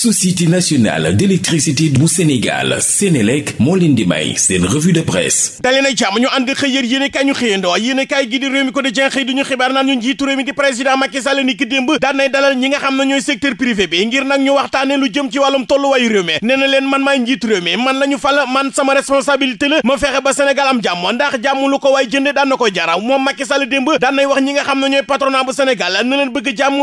société nationale d'électricité bu Sénégal Sénélec moo leen di may seen revue de presse dalee na jàmm ñu ànd xëy yér yéen kaay ñu xëyandoo yéen a kaay gi di réew mi ko di jenxëy di ñu xibaar naan ñu njiitu réew mi di président Macky Sall ki démb daan nay dalal ñi nga xam ne ñooy secteur privé bi ngir nag ñu waxtaane lu jëm ci wàllum tolluwaayu réew mi nee na leen man maay njiitu réew mi man la ñu fal man sama responsabilité la ma fexe ba Sénégal am jàmm ndax jàmm ko waay jënde daan na koy jaraw moom Macky Sall démb daan nay wax ñi nga xam ne ñooy patronat bu Sénégal na leen bëgg jàmm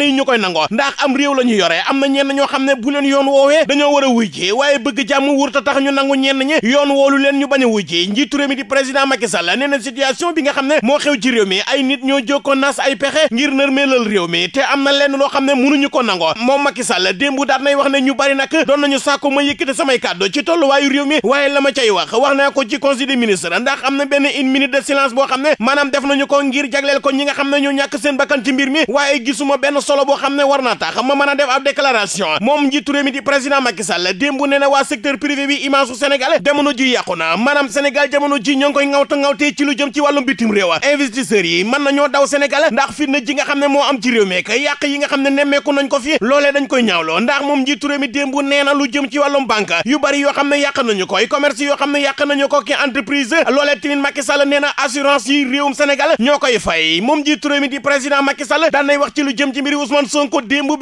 yi ñu koy nangoo ndax am réew la ñu yoree am na ñenn na ñoo xam ne bu leen yoon woowee dañoo war a wujjee waaye bëgg jàmm wur ta tax ñu nangu ñenn ñi yoon woolu leen ñu bañ a wujjee njiitu réew mi di président Macky Sall nee na bi nga xam ne moo xew ci réew mi ay nit ñoo jokkoon nas ay pexe ngir nërmeelal réew mi te am na lenn loo xam ne mënuñu ko nangoo moom Macky Sall démb daat nay wax ne ñu bari nag doon nañu sàkku ma yëkkate samay kàddu ci tolluwaayu réew waaye la ma cay wax wax naa ko ci conseil des ministres ndax am na benn une minute boo xam ne maanaam def nañu ko ngir jagleel ko ñi nga xam ne ñoo ñàkk seen bakkan ci mi waaye gisuma benn solo boo xam ne war naa tax ma mën a def ab déclaration Libération moom njiitu réew mi di président Macky Sall démb nee na waa secteur privé bi image su ci lu jëm nga xam ne moo am ci réew mi ak yàq yi nga xam ne nemmeeku nañ ko jëm ci wàllum banque yoo xam ne yàq nañu ko ay commerce yoo xam ne yàq nañu ko ki koy fay moom njiitu réew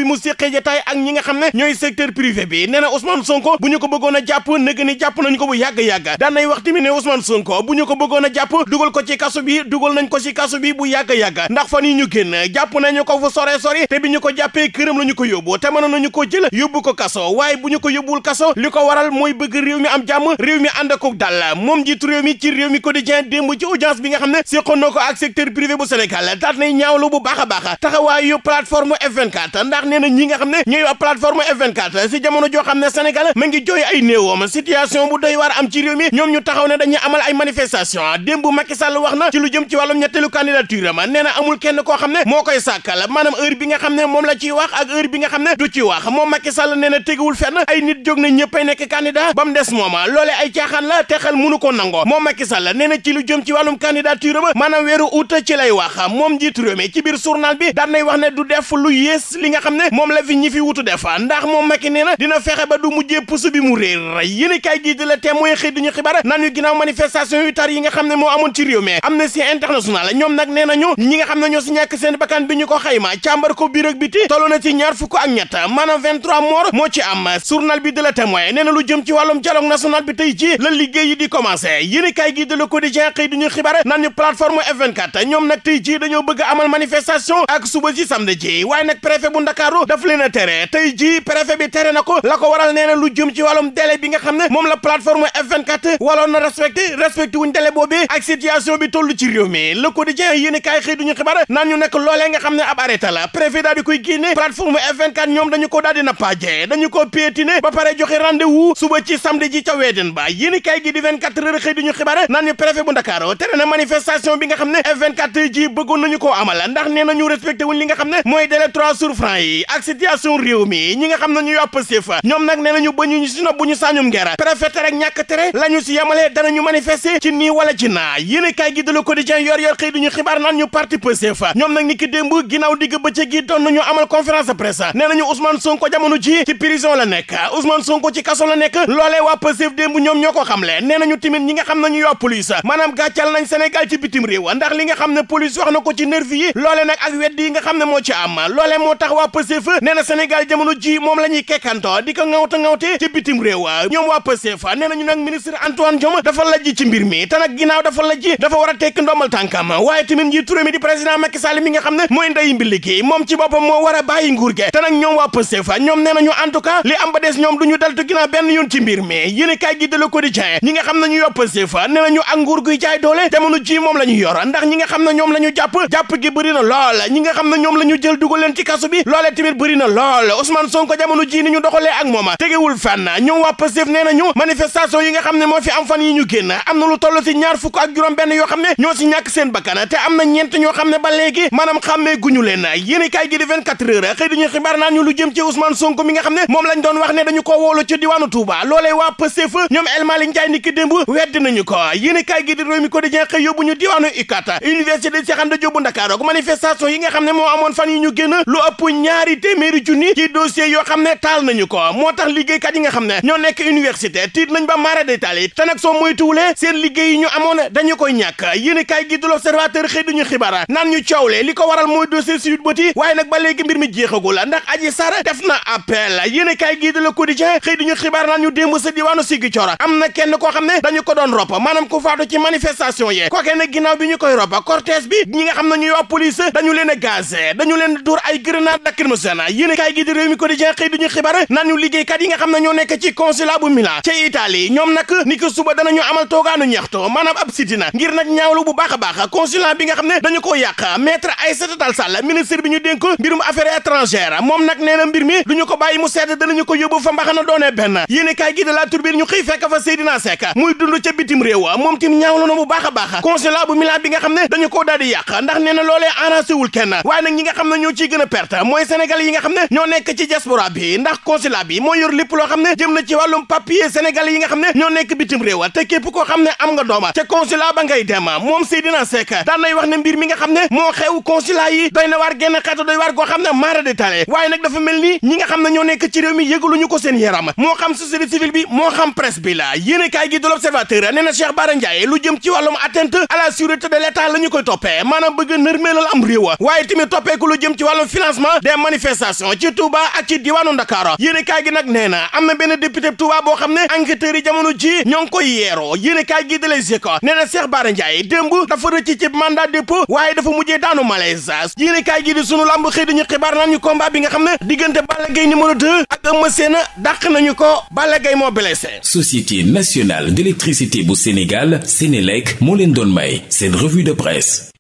wax nga xam ne ñooy secteur privé bi nee na Ousmane Sonko bu ñu ko bëggoon a jàpp nëgg ni jàpp nañu ko bu yàgg-yàgg daan nay wax tamit ne Ousmane Sonko bu ñu ko bëggoon a jàpp dugal ko ci kaso bi dugal nañ ko ci kaso bi bu yàgg-yàgg ndax fan yi ñu génn jàpp nañu ko fu sore sori te bi ñu ko jàppee këram la ñu ko yóbbu te mënoon nañu ko jël yóbbu ko kaso waaye bu ñu ko yóbbul kaso li ko waral mooy bëgg réew mi am jàmm réew mi ànd ko dal moom jiitu réew mi ci réew mi quotidien démb ci audience bi nga xam ne séqoon na ko ak secteur privé bu Sénégal daat nay ñaawlu bu baax a baax taxawaayu plateforme F24 ndax nee na ñi nga xam ne ñooy waa plateforme F24 si jamono joo xam ne Sénégal ma ngi jooy ay néewoom situation bu doy waar am ci réew mi ñoom ñu taxaw ne dañuy amal ay manifestation démb Macky Sall wax na ci lu jëm ci wàllum ñetteelu candidature ma nee na amul kenn koo xam ne moo koy sàkkal maanaam heure bi nga xam ne moom la ci wax ak heure bi nga xam ne du ci wax moom Macky Sall nee na teguwul fenn ay nit jóg na ñëpp ay nekk candidat ba mu moom loolee ay caaxaan la te xel mënu ko nangoo moom Macky Sall nee na ci lu jëm ci wàllum candidature ba maanaam weeru août ci lay wax moom njiitu réew mi ci biir journal bi daan wax ne du def lu yées li nga xam ne moom la fi ñi fi wutu def fa ndax moom Macky nee na dina fexe ba du mujjee pusu bi mu réer yéen kaay gii di la témoin xëy duñu xibaar naan ñu ginnaaw yu tar yi nga xam ne moo amoon ci réew mi Amnesty International ñoom nag nee nañu ñi nga xam ne ñoo si ñàkk seen bi ñu ko xayma càmbar ko biir biti toll na ci ñaar fukk ak ñett maanaam 23 morts moo ci am journal bi de la nee na lu jëm ci wàllum dialogue national bi tey ci la liggéey di commencé ji préfet bi tere na ko la ko waral nee na lu jëm ci wàllum délai bi nga xam ne moom la plateforme F24 waloon na respecté respecté wuñ délai boobee ak situation bi toll ci réew mi Le Quotidien yéen i kaay xëy duñu xibaar naan ñu nekk loolee nga xam ne ab arrêté la préfet daal di koy génne plateforme f ñoom dañu ko daal di nappaaje dañu ko piétiné ba pare joxe rendez-vous suba ci samedi ji ca i kaay gi di 24 heures bu Ndakaaru tere na manifestation bi nga xam ne F24 ji bëggoon nañu koo amal ndax nee nañu respecté wuñ li nga xam ne mooy délai trois yi ñi nga xam ne ñu waa Pastef ñoom nag nee nañu ba ñu si nopp bu ñu sañum ngera préfet rek ñàkk tere la ñu si yemalee danañu manifester ci nii wala ci naa yéen kaay gi de Le Quotidien yor yor xëy duñu xibaar naan ñu parti Pastef ñoom nag ni ki démb ginnaaw digg bëccëg gi doon amal conférence de presse nee nañu Ousmane Sonko jamono ji ci ci kaso la nekk loolee waa ko xamle nee nañu timit waa police maanaam gàccal nañ xam ne police na ko ci nervi nga xam jamono ji moom na ñuy kekkantoo di ko ŋawta ŋawte ci bitim réew ñoom waa Pastef nee nañu nag ministre Antoine a xam ne gi moom ci moo war a bàyyi nguur ge te nag ñoom waa Pastef ñoom nee nañu en ñi nga xam ñu yopp Pastef nee nañu ak nguur guy jaay doole moom la ñu yor ndax nga xam ne ñoom la ñu jàpp jàpp gi bëri na lool ñi nga xam ne ñoom la jël dugal leen ci kasu bi loolee tamit bëri na Ousmane Sonko jamono ji ñu doxalee ak mooma tegewul fenn ñoom waa Pastef nee na ñu manifestation yi nga xam ne moo fi am fan yi ñu génn am na lu toll si ñaar fukk ak juróom benn yoo xam ne ñoo si ñàkk seen bakkan te am na ñeent ñoo xam ne ba léegi maanaam xàmmee guñu leen yéen kaay gi di 24 heures xëy dañu xibaar naan ñu lu jëm ci Ousmane Sonko mi nga xam ne moom lañ doon wax ne dañu ko woolu ci diwaanu Touba loolee waa Pastef ñoom El Malick Ndiaye ni ki démb weddi nañu ñu diwaanu yi ne moo amoon fan yi ñu génn lu ëpp ñaari téeméeri junni ci dossiers yoo xam ne taal nañu ko moo tax liggéeykat yi nga ne ñoo nekk université tiit nañ ba maara day taal yi te nag soo moytuwulee seen liggéey ñu amoon dañu koy ñàkk yéen kaay gi du l'observateur xëy duñu xibaar naan ñu coowlee li ko waral mooy dossier Sweet Beauté waaye nag ba léegi mbir mi jeexagul ndax Adji Sarr def na appel yéen kaay gi du Le Quotidien xëy duñu xibaar naan ñu démb sa diwaanu Ziguinchor am na kenn dañu ko doon ropp maanaam ku faatu ci a gazé Quotidien xëy duñu xibaar naan ñu liggéeykat yi nga xam ne ñoo nekk ci consulat bu Milan ci Italie ñoom nag ni ko suba danañu amal toogaanu ñaxtu maanaam ab sitina ngir nag ñaawlu bu baax a baax consulat nga xam ne dañu ko yàq maître Aïssata Tall Sall ministre bi ñu dénk mbirum affaires étrangères moom nag nee na mbir mi ko bàyyi mu sedd danañu ko yóbbu fa mbaxana doone benn yéene kaay gi ñu xëy fekk fa Seydina muy dund a baax consulat bu Milan bi nga yi nga xam ne ñoo nekk diaspora bi ndax consulat bi moo yor lépp loo xam ne jëm na ci wàllum papier sénégalais yi nga xam ne ñoo nekk bitim réew te képp koo xam ne am nga dooma te consulat ba ngay dem moom Seydina Seck daan nay wax ne mbir mi nga xam ne moo xew consulat yi doy na waar genn xeetu doy waar koo xam ne maara détaillé waaye nag dafa mel ni ñi nga xam ne ñoo nekk ci réew mi yëgaluñu ko seen yaram moo xam société civile bi moo xam presse bi la yéene kaay gi de l'observateur toppee maanaam waaye tamit toppeeku lu jëm ci wàllum financement des manifestations ak ci diwaanu Ndakaara yéene kaay gi nag nee na am na benn député Touba boo xam ne enquêteurs yi jamono ji ñoo ngi koy yeeroo yéene kaay gi da Les Échos nee na Cheikh Bara Ndiaye démb dafa rëcc ci mandat dépôt waaye dafa mujjee daanu malaise yéene kaay gi di sunu lamb xëy dañu xibaar naan ñu combat bi nga xam ne diggante Balla Gaye numéro 2 ak Eumeu Sène dàq nañu ko Balla Gaye moo blessé Société nationale d'électricité bu Sénégal Sénélec moo leen doon may seen revue de presse